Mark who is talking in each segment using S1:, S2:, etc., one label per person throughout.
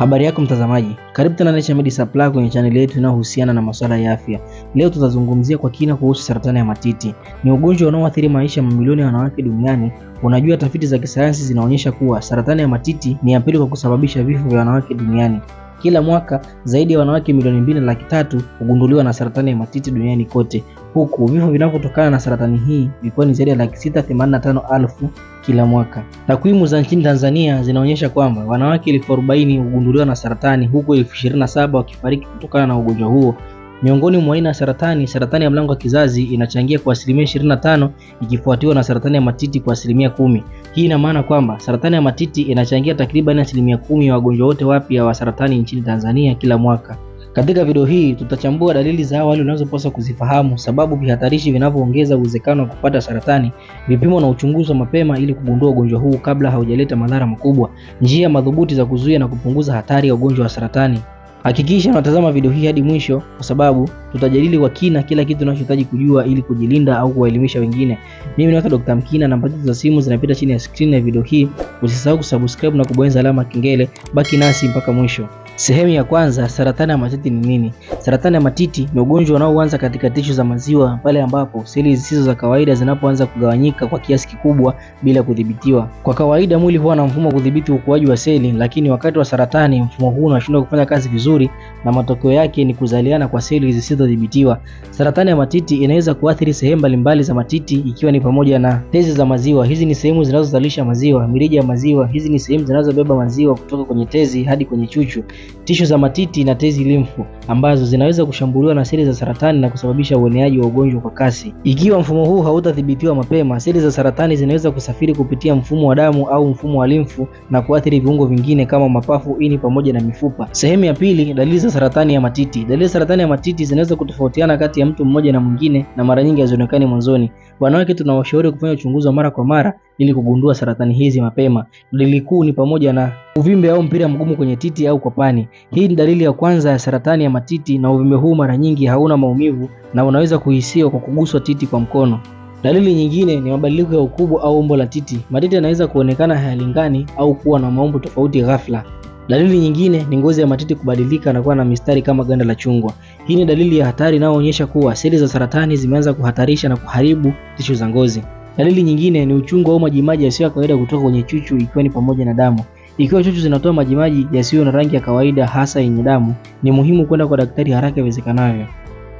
S1: Habari yako mtazamaji, karibu tena Naturemed Supplies kwenye chaneli yetu inayohusiana na masuala ya afya. Leo tutazungumzia kwa kina kuhusu saratani ya matiti. Ni ugonjwa unaoathiri maisha ya mamilioni ya wanawake duniani. Unajua, tafiti za kisayansi zinaonyesha kuwa saratani ya matiti ni ya pili kwa kusababisha vifo vya wanawake duniani. Kila mwaka zaidi ya wanawake milioni mbili na laki tatu hugunduliwa na saratani ya matiti duniani kote, huku vifo vinavyotokana na saratani hii vikiwa ni zaidi ya laki sita themanini na tano elfu kila mwaka. Takwimu za nchini Tanzania zinaonyesha kwamba wanawake elfu arobaini hugunduliwa na saratani huku elfu ishirini na saba wakifariki kutokana na ugonjwa huo. Miongoni mwa aina ya saratani, saratani ya mlango wa kizazi inachangia kwa asilimia 25 ikifuatiwa na saratani ya matiti kwa asilimia kumi. Hii ina maana kwamba saratani ya matiti inachangia takriban asilimia kumi ya wagonjwa wote wapya wa saratani nchini Tanzania kila mwaka. Katika video hii tutachambua dalili za awali unazopaswa kuzifahamu, sababu vihatarishi vinavyoongeza uwezekano wa kupata saratani, vipimo na uchunguzi wa mapema ili kugundua ugonjwa huu kabla haujaleta madhara makubwa, njia madhubuti za kuzuia na kupunguza hatari ya ugonjwa wa saratani. Hakikisha unatazama video hii hadi mwisho, kwa sababu tutajadili kwa kina kila kitu unachohitaji kujua ili kujilinda au kuwaelimisha wengine. Mimi ni Dr. Mkina, namba zetu za simu zinapita chini ya screen ya video hii. Usisahau kusubscribe na kubonyeza alama kengele. Baki nasi mpaka mwisho. Sehemu ya kwanza, saratani ya matiti ni nini? Saratani ya matiti ni ugonjwa unaoanza katika tishu za maziwa pale ambapo seli zisizo za kawaida zinapoanza kugawanyika kwa kiasi kikubwa bila kudhibitiwa. Kwa kawaida mwili huwa na mfumo wa kudhibiti ukuaji wa seli, lakini wakati wa saratani mfumo huu unashindwa kufanya kazi vizuri na matokeo yake ni kuzaliana kwa seli zisizodhibitiwa. Saratani ya matiti inaweza kuathiri sehemu mbalimbali za matiti ikiwa ni pamoja na tezi za maziwa. Hizi ni sehemu zinazozalisha maziwa, mirija ya maziwa. Hizi ni sehemu zinazobeba maziwa kutoka kwenye tezi hadi kwenye chuchu tisho za matiti na tezi limfu ambazo zinaweza kushambuliwa na seli za saratani na kusababisha ueneaji wa ugonjwa kwa kasi. Ikiwa mfumo huu hautadhibitiwa mapema, seli za saratani zinaweza kusafiri kupitia mfumo wa damu au mfumo wa limfu na kuathiri viungo vingine kama mapafu, ini pamoja na mifupa. Sehemu ya pili, dalili za saratani ya matiti. Dalili za saratani ya matiti zinaweza kutofautiana kati ya mtu mmoja na mwingine na mara nyingi hazionekani mwanzoni. Wanawake tunawashauri kufanya uchunguzi wa mara kwa mara ili kugundua saratani hizi mapema. Dalili kuu ni pamoja na uvimbe au mpira mgumu kwenye titi au kwapani. Hii ni dalili ya kwanza ya saratani ya matiti, na uvimbe huu mara nyingi hauna maumivu na unaweza kuhisiwa kwa kuguswa titi kwa mkono. Dalili nyingine ni mabadiliko ya ukubwa au umbo la titi. Matiti yanaweza kuonekana hayalingani au kuwa na maumbo tofauti ghafla. Dalili nyingine ni ngozi ya matiti kubadilika na kuwa na mistari kama ganda la chungwa. Hii ni dalili ya hatari inayoonyesha kuwa seli za saratani zimeanza kuhatarisha na kuharibu tishu za ngozi. Dalili nyingine ni uchungu au majimaji yasiyo ya kawaida kutoka kwenye chuchu ikiwa ni pamoja na damu. Ikiwa chuchu zinatoa majimaji yasiyo na rangi ya kawaida hasa yenye damu, ni muhimu kwenda kwa daktari haraka iwezekanavyo.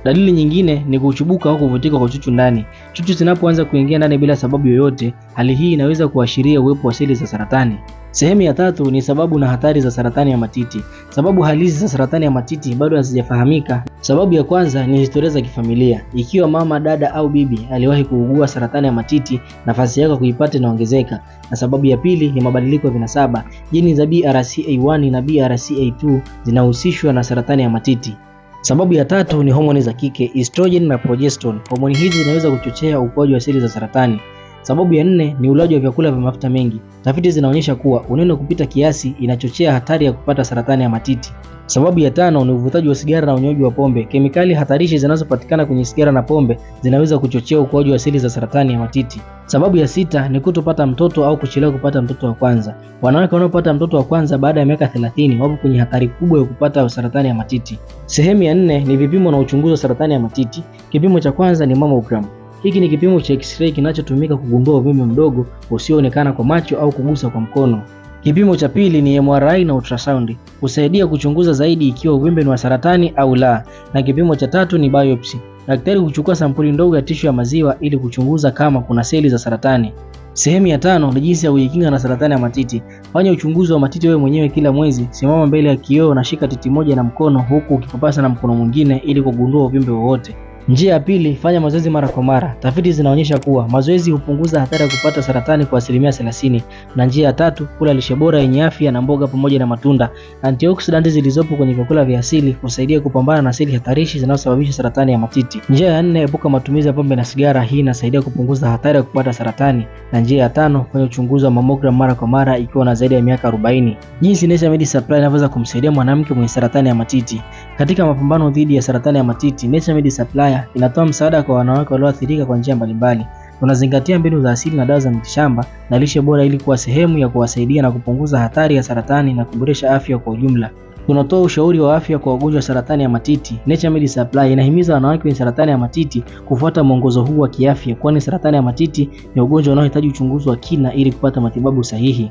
S1: Dalili nyingine ni kuchubuka au kuvutika kwa chuchu ndani. Chuchu zinapoanza kuingia ndani bila sababu yoyote, hali hii inaweza kuashiria uwepo wa seli za saratani. Sehemu ya tatu ni sababu na hatari za saratani ya matiti. Sababu halisi za saratani ya matiti bado hazijafahamika. Sababu ya kwanza ni historia za kifamilia. Ikiwa mama, dada au bibi aliwahi kuugua saratani ya matiti, nafasi yako kuipata inaongezeka. Na sababu ya pili ni mabadiliko ya vinasaba. jini za BRCA1 na BRCA2 zinahusishwa na saratani ya matiti. Sababu ya tatu ni homoni za kike, estrogen na progesterone. Homoni hizi zinaweza kuchochea ukuaji wa seli za saratani. Sababu ya nne ni ulaji wa vyakula vya mafuta mengi. Tafiti zinaonyesha kuwa unene kupita kiasi inachochea hatari ya kupata saratani ya matiti. Sababu ya tano ni uvutaji wa sigara na unywaji wa pombe. Kemikali hatarishi zinazopatikana kwenye sigara na pombe zinaweza kuchochea ukuaji wa seli za saratani ya matiti. Sababu ya sita ni kutopata mtoto au kuchelewa kupata mtoto wa kwanza. Wanawake wanaopata mtoto wa kwanza baada ya miaka 30 wapo kwenye hatari kubwa ya kupata saratani ya matiti. Sehemu ya nne ni vipimo na uchunguzi wa saratani ya matiti. Kipimo cha kwanza ni mammogram. Hiki ni kipimo cha X-ray kinachotumika kugundua uvimbe mdogo usioonekana kwa macho au kugusa kwa mkono. Kipimo cha pili ni MRI na ultrasound, husaidia kuchunguza zaidi ikiwa uvimbe ni wa saratani au la. Na kipimo cha tatu ni biopsy. Daktari huchukua sampuli ndogo ya tishu ya maziwa ili kuchunguza kama kuna seli za saratani. Sehemu ya tano ni jinsi ya kujikinga na saratani ya matiti. Fanya uchunguzi wa matiti wewe mwenyewe kila mwezi. Simama mbele ya kioo na shika titi moja na mkono huku ukipapasa na mkono mwingine ili kugundua uvimbe wowote. Njia ya pili, fanya mazoezi mara kwa mara. Tafiti zinaonyesha kuwa mazoezi hupunguza hatari ya kupata saratani kwa asilimia 30. Na njia ya tatu, kula lishe bora yenye afya na mboga pamoja na matunda. Antioksidanti zilizopo kwenye vyakula vya asili husaidia kupambana na seli hatarishi zinazosababisha saratani ya matiti. Njia ya nne, epuka matumizi ya pombe na sigara. Hii inasaidia kupunguza hatari ya kupata saratani. Na njia ya tano, fanya uchunguzi wa mamogram mara kwa mara ikiwa na zaidi ya miaka 40. Jinsi Naturemed Supply inavyoweza kumsaidia mwanamke mwenye saratani ya matiti. Katika mapambano dhidi ya saratani ya matiti, Naturemed Supply inatoa msaada kwa wanawake walioathirika kwa njia mbalimbali. Unazingatia mbinu za asili na dawa za mitishamba na lishe bora ili kuwa sehemu ya kuwasaidia na kupunguza hatari ya saratani na kuboresha afya kwa ujumla. tunatoa ushauri wa afya kwa wagonjwa wa saratani ya matiti. Naturemed Supply inahimiza wanawake wenye saratani ya matiti kufuata mwongozo huu wa kiafya, kwani saratani ya matiti ni ugonjwa unaohitaji uchunguzi wa kina ili kupata matibabu sahihi.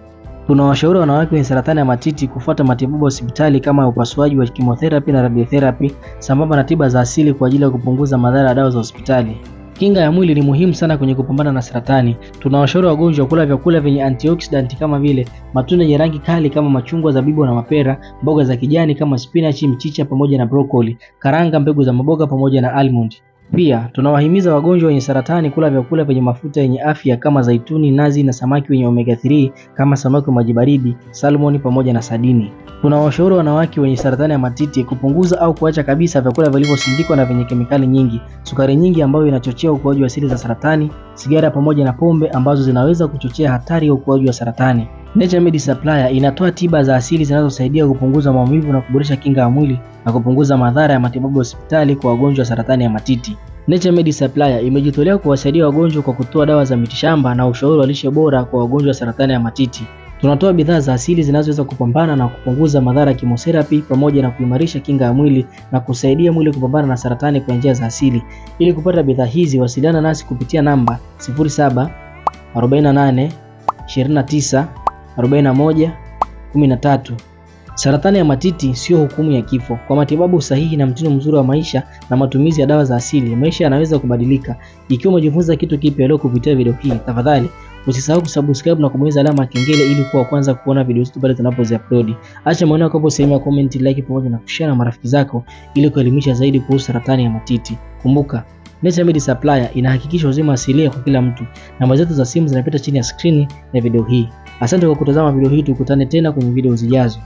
S1: Tunawashauri wanawake wenye saratani ya matiti kufuata matibabu hospitali kama upasuaji wa chemotherapy na radiotherapy sambamba na tiba za asili kwa ajili ya kupunguza madhara ya dawa za hospitali. Kinga ya mwili ni muhimu sana kwenye kupambana na saratani. Tunawashauri wagonjwa kula vyakula vyenye antioxidant kama vile matunda yenye rangi kali kama machungwa, zabibu na mapera, mboga za kijani kama spinachi, mchicha pamoja na broccoli, karanga, mbegu za maboga pamoja na almond. Pia tunawahimiza wagonjwa wenye saratani kula vyakula vyenye mafuta yenye afya kama zaituni, nazi na samaki wenye omega 3 kama samaki wa maji baridi, salmoni pamoja na sadini. Tunawashauri wanawake wenye saratani ya matiti kupunguza au kuacha kabisa vyakula vilivyosindikwa na vyenye kemikali nyingi, sukari nyingi ambayo inachochea ukuaji wa seli za saratani, sigara pamoja na pombe ambazo zinaweza kuchochea hatari ya ukuaji wa saratani. Naturemed Supplier inatoa tiba za asili zinazosaidia kupunguza maumivu na kuboresha kinga ya mwili na kupunguza madhara ya matibabu ya hospitali kwa wagonjwa wa saratani ya matiti. Naturemed Supplier imejitolea kuwasaidia wagonjwa kwa kutoa dawa za mitishamba na ushauri wa lishe bora kwa wagonjwa wa saratani ya matiti. Tunatoa bidhaa za asili zinazoweza kupambana na kupunguza madhara ya kimotherapy pamoja na kuimarisha kinga ya mwili na kusaidia mwili kupambana na saratani kwa njia za asili. Ili kupata bidhaa hizi, wasiliana nasi kupitia namba 0748 29 41 Saratani ya matiti sio hukumu ya kifo. Kwa matibabu sahihi na mtindo mzuri wa maisha na matumizi ya dawa za asili, maisha yanaweza kubadilika. Ikiwa umejifunza kitu kipya leo kupitia video hii, tafadhali usisahau kusubscribe na kubonyeza alama ya kengele ili kuwa kwanza kuona video zetu pale tunapoziupload. Acha maoni yako hapo sehemu ya comment, like pamoja na kushare na marafiki zako ili kuelimisha zaidi kuhusu saratani ya matiti. Kumbuka, Naturemed Supplies inahakikisha uzima asilia kwa kila mtu. Namba zetu za simu zinapita chini ya screen ya video hii. Asante kwa kutazama video hii, tukutane tena kwenye video zijazo.